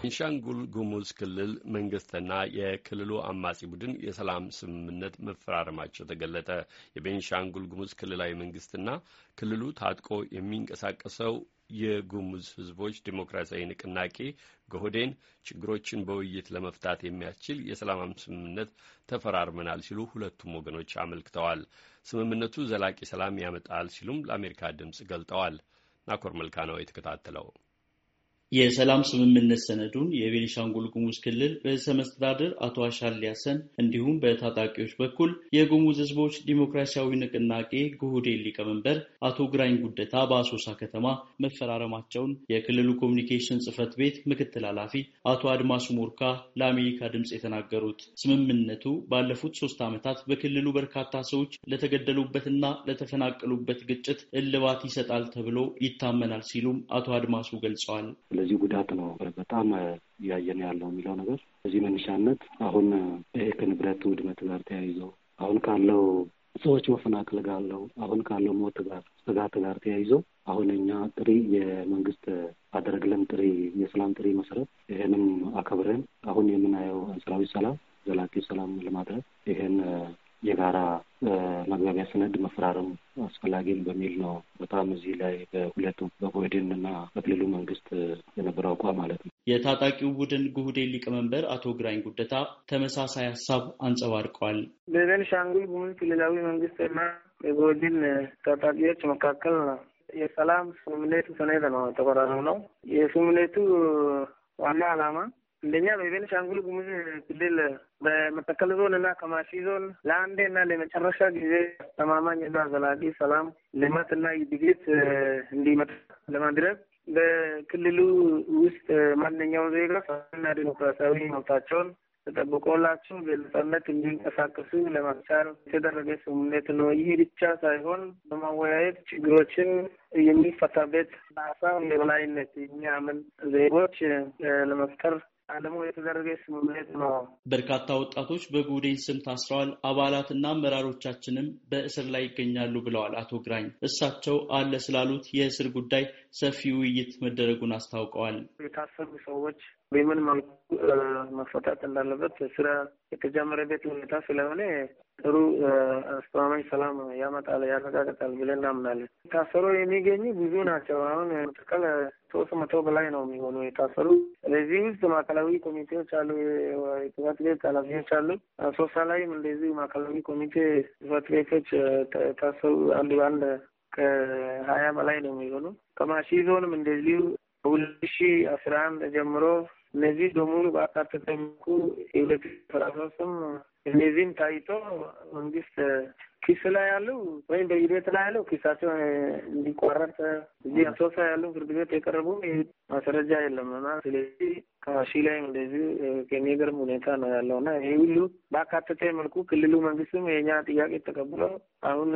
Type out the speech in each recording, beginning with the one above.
ቤንሻንጉል ጉሙዝ ክልል መንግስትና የክልሉ አማጺ ቡድን የሰላም ስምምነት መፈራረማቸው ተገለጠ። የቤንሻንጉል ጉሙዝ ክልላዊ መንግስትና ክልሉ ታጥቆ የሚንቀሳቀሰው የጉሙዝ ህዝቦች ዴሞክራሲያዊ ንቅናቄ ጎህዴን ችግሮችን በውይይት ለመፍታት የሚያስችል የሰላም ስምምነት ተፈራርመናል ሲሉ ሁለቱም ወገኖች አመልክተዋል። ስምምነቱ ዘላቂ ሰላም ያመጣል ሲሉም ለአሜሪካ ድምፅ ገልጠዋል። ናኮር መልካ ነው የተከታተለው። የሰላም ስምምነት ሰነዱን የቤኒሻንጉል ጉሙዝ ክልል ርዕሰ መስተዳድር አቶ አሻል ያሰን እንዲሁም በታጣቂዎች በኩል የጉሙዝ ህዝቦች ዲሞክራሲያዊ ንቅናቄ ጉህዴን ሊቀመንበር አቶ ግራኝ ጉደታ በአሶሳ ከተማ መፈራረማቸውን የክልሉ ኮሚኒኬሽን ጽህፈት ቤት ምክትል ኃላፊ አቶ አድማሱ ሞርካ ለአሜሪካ ድምፅ የተናገሩት። ስምምነቱ ባለፉት ሶስት ዓመታት በክልሉ በርካታ ሰዎች ለተገደሉበትና ለተፈናቀሉበት ግጭት እልባት ይሰጣል ተብሎ ይታመናል ሲሉም አቶ አድማሱ ገልጸዋል። ለዚህ ጉዳት ነው በጣም እያየን ያለው የሚለው ነገር በዚህ መነሻነት አሁን ይሄ ከንብረት ውድመት ጋር ተያይዞ አሁን ካለው ሰዎች መፈናቀል ጋለው አሁን ካለው ሞት ጋር ስጋት ጋር ተያይዞ አሁን እኛ ጥሪ የመንግስት አደረግለን ጥሪ የሰላም ጥሪ መሰረት ይሄንም አከብረን አሁን የምናየው አንጻራዊ ሰላም ዘላቂ ሰላም ለማድረግ ይሄን የጋራ መግባቢያ ሰነድ መፈራረም አስፈላጊም በሚል ነው። በጣም እዚህ ላይ በሁለቱ በኦህዴን እና በክልሉ መንግስት የነበረው አቋም ማለት ነው። የታጣቂው ቡድን ጉህዴን ሊቀመንበር አቶ ግራኝ ጉደታ ተመሳሳይ ሀሳብ አንጸባርቀዋል። በቤንሻንጉል ጉሙዝ ክልላዊ መንግስት እና የጉህዴን ታጣቂዎች መካከል የሰላም ስምምነቱ ሰነድ ነው የተፈራረም ነው። የስምምነቱ ዋና አላማ እንደኛ በቤንሻንጉል ጉሙዝ ክልል በመተከል ዞን እና ከማሺ ዞን ለአንዴና ለመጨረሻ ጊዜ ተማማኝ እና ዘላቂ ሰላም ልማትና እድገት እንዲመጣ ለማድረግ በክልሉ ውስጥ ማንኛውም ዜጋ ሰላምና ዲሞክራሲያዊ መብታቸውን ተጠብቆላቸው በነጻነት እንዲንቀሳቀሱ ለማስቻል የተደረገ ስምምነት ነው። ይህ ብቻ ሳይሆን በማወያየት ችግሮችን የሚፈታበት ሀሳብ የበላይነት የሚያምን ዜጎች ለመፍጠር ቀድሞ የተደረገ ስምምነት ነው። በርካታ ወጣቶች በጉዴን ስም ታስረዋል፣ አባላትና አመራሮቻችንም በእስር ላይ ይገኛሉ ብለዋል አቶ ግራኝ። እሳቸው አለ ስላሉት የእስር ጉዳይ ሰፊ ውይይት መደረጉን አስታውቀዋል። የታሰሩ ሰዎች በምን መልኩ መፈታት እንዳለበት ስራ የተጀመረበት ሁኔታ ስለሆነ ጥሩ አስተማማኝ ሰላም ያመጣል፣ ያረጋግጣል ብለን እናምናለን። የታሰሩ የሚገኙ ብዙ ናቸው። አሁን ጥቅል ሶስት መቶ በላይ ነው የሚሆኑ የታሰሩ። ስለዚህ ውስጥ ማዕከላዊ ኮሚቴዎች አሉ፣ ጽሕፈት ቤት ኃላፊዎች አሉ። ሶስት ላይም እንደዚህ ማዕከላዊ ኮሚቴ ጽሕፈት ቤቶች ታሰሩ አንድ በአንድ ሀያ በላይ ነው የሚሆኑ ከማሺ ዞንም እንደዚሁ ሁለት ሺ አስራ አንድ ጀምሮ እነዚህ በሙሉ በአካተተ መልኩ የሁለት ሺ አስራ ሶስትም እነዚህም ታይቶ መንግስት ኪስ ላይ ያለው ወይም በሂደት ላይ ያለው ኪሳቸው እንዲቋረጥ እዚህ አሶሳ ያለው ፍርድ ቤት የቀረቡ ማስረጃ የለም እና ስለዚህ ከሺ ላይ እንደዚህ የሚገርም ሁኔታ ነው ያለው እና ይሄ ሁሉ በአካተተ መልኩ ክልሉ መንግስትም የኛ ጥያቄ ተቀብሎ አሁን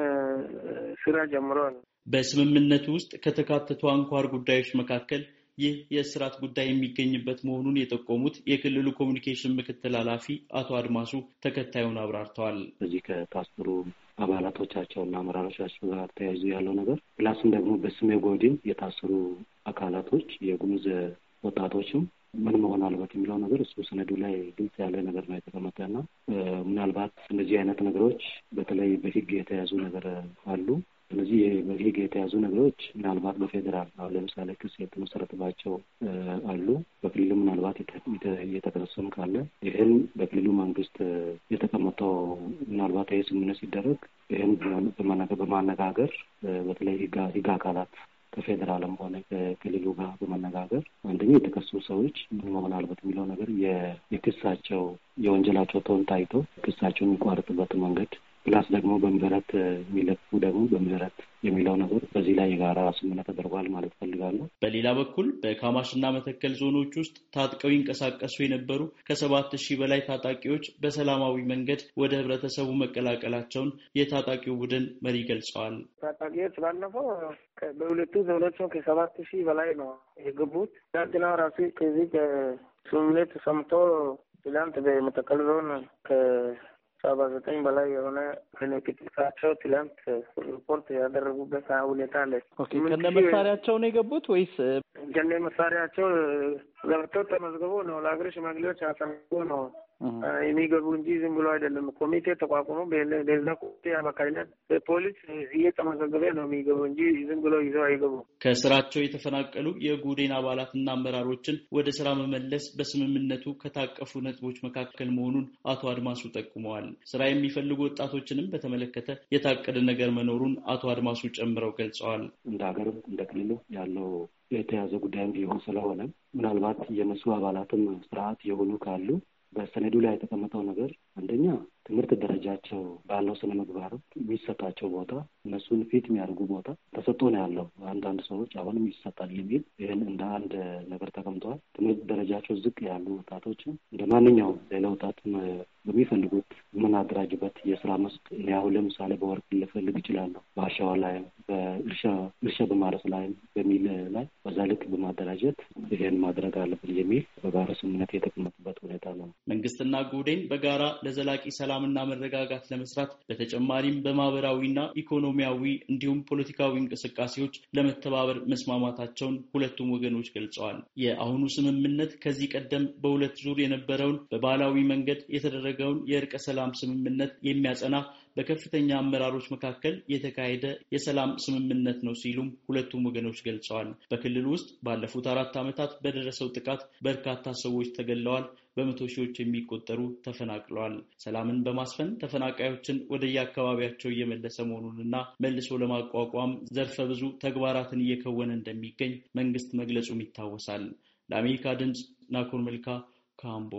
ስራ ጀምረዋል። በስምምነቱ ውስጥ ከተካተቱ አንኳር ጉዳዮች መካከል ይህ የእስራት ጉዳይ የሚገኝበት መሆኑን የጠቆሙት የክልሉ ኮሚኒኬሽን ምክትል ኃላፊ አቶ አድማሱ ተከታዩን አብራርተዋል። በዚህ ከታሰሩ አባላቶቻቸውና አመራሮቻቸው ጋር ተያይዞ ያለው ነገር ፕላስም ደግሞ በስሜ ጎዲን የታሰሩ አካላቶች የጉሙዝ ወጣቶችም ምን መሆን አለበት የሚለው ነገር እሱ ሰነዱ ላይ ግልጽ ያለ ነገር ነው የተቀመጠና ምናልባት እነዚህ አይነት ነገሮች በተለይ በህግ የተያዙ ነገር አሉ ስለዚህ በዚህ በህግ የተያዙ ነገሮች ምናልባት በፌዴራል አሁን ለምሳሌ ክስ የተመሰረተባቸው አሉ። በክልሉ ምናልባት የተከሰሱም ካለ ይህን በክልሉ መንግስት የተቀመጠው ምናልባት ይህ ስምምነት ሲደረግ ይህን በማነጋገር በተለይ ህግ አካላት ከፌዴራልም ሆነ ከክልሉ ጋር በመነጋገር አንደኛ የተከሱ ሰዎች ምን መሆን አለበት የሚለው ነገር የክሳቸው የወንጀላቸው ተውን ታይቶ ክሳቸውን የሚቋርጥበት መንገድ ፕላስ ደግሞ በምህረት የሚለፉ ደግሞ በምህረት የሚለው ነገር በዚህ ላይ የጋራ ስምምነት ተደርጓል ማለት ፈልጋለሁ። በሌላ በኩል በካማሽና መተከል ዞኖች ውስጥ ታጥቀው ይንቀሳቀሱ የነበሩ ከሰባት ሺህ በላይ ታጣቂዎች በሰላማዊ መንገድ ወደ ህብረተሰቡ መቀላቀላቸውን የታጣቂው ቡድን መሪ ገልጸዋል። ታጣቂዎች ባለፈው በሁለቱ ዞኖች ከሰባት ሺህ በላይ ነው የገቡት። ትናንትና ራሱ ከዚህ ከስምምነት ሰምቶ ትላንት በመተከል ዞን ሰባ ዘጠኝ በላይ የሆነ ምልክቶቻቸው ትላንት ሪፖርት ያደረጉበት ሁኔታ አለ። ከነ መሳሪያቸው ነው የገቡት ወይስ ከነ መሳሪያቸው ገብተው ተመዝግቦ ነው ለሀገር ሽማግሌዎች አሳልፎ ነው የሚገቡ እንጂ ዝም ብሎ አይደለም። ኮሚቴ ተቋቁሞ በዛ ኮሚቴ አማካኝነት ፖሊስ እየተመዘገበ ነው የሚገቡ እንጂ ዝም ብሎ ይዘው አይገቡ። ከስራቸው የተፈናቀሉ የጉዴን አባላትና አመራሮችን ወደ ስራ መመለስ በስምምነቱ ከታቀፉ ነጥቦች መካከል መሆኑን አቶ አድማሱ ጠቁመዋል። ስራ የሚፈልጉ ወጣቶችንም በተመለከተ የታቀደ ነገር መኖሩን አቶ አድማሱ ጨምረው ገልጸዋል። እንደ ሀገርም እንደ ክልሉ ያለው የተያዘ ጉዳይም ቢሆን ስለሆነ ምናልባት የመስሉ አባላትም ስርዓት የሆኑ ካሉ በሰነዱ ላይ የተቀመጠው ነገር አንደኛ ትምህርት ደረጃቸው ባለው ስነ ምግባር የሚሰጣቸው ቦታ እነሱን ፊት የሚያደርጉ ቦታ ተሰጥቶ ነው ያለው። አንዳንድ ሰዎች አሁንም ይሰጣል የሚል ይህን እንደ አንድ ነገር ተቀምጠዋል። ትምህርት ደረጃቸው ዝቅ ያሉ ወጣቶችን እንደ ማንኛውም ሌላ ወጣት በሚፈልጉት የምናደራጅበት የስራ መስክ እኔ አሁን ለምሳሌ በወርቅ ልፈልግ እችላለሁ። በአሻዋ ላይም በእርሻ እርሻ በማረስ ላይም በሚል ላይ በዛ ልክ በማደራጀት ይሄን ማድረግ አለብን የሚል በጋራ ስምምነት የተቀመጡበት ሁኔታ ነው። መንግስትና ጉዴን በጋራ ለዘላቂ ሰላም ሰላምና መረጋጋት ለመስራት በተጨማሪም በማህበራዊና ኢኮኖሚያዊ እንዲሁም ፖለቲካዊ እንቅስቃሴዎች ለመተባበር መስማማታቸውን ሁለቱም ወገኖች ገልጸዋል። የአሁኑ ስምምነት ከዚህ ቀደም በሁለት ዙር የነበረውን በባህላዊ መንገድ የተደረገውን የእርቀ ሰላም ስምምነት የሚያጸና በከፍተኛ አመራሮች መካከል የተካሄደ የሰላም ስምምነት ነው ሲሉም ሁለቱም ወገኖች ገልጸዋል። በክልል ውስጥ ባለፉት አራት ዓመታት በደረሰው ጥቃት በርካታ ሰዎች ተገለዋል። በመቶ ሺዎች የሚቆጠሩ ተፈናቅለዋል። ሰላምን በማስፈን ተፈናቃዮችን ወደየአካባቢያቸው እየመለሰ መሆኑንና መልሶ ለማቋቋም ዘርፈ ብዙ ተግባራትን እየከወነ እንደሚገኝ መንግስት መግለጹም ይታወሳል። ለአሜሪካ ድምፅ ናኮር መልካ ካምቦ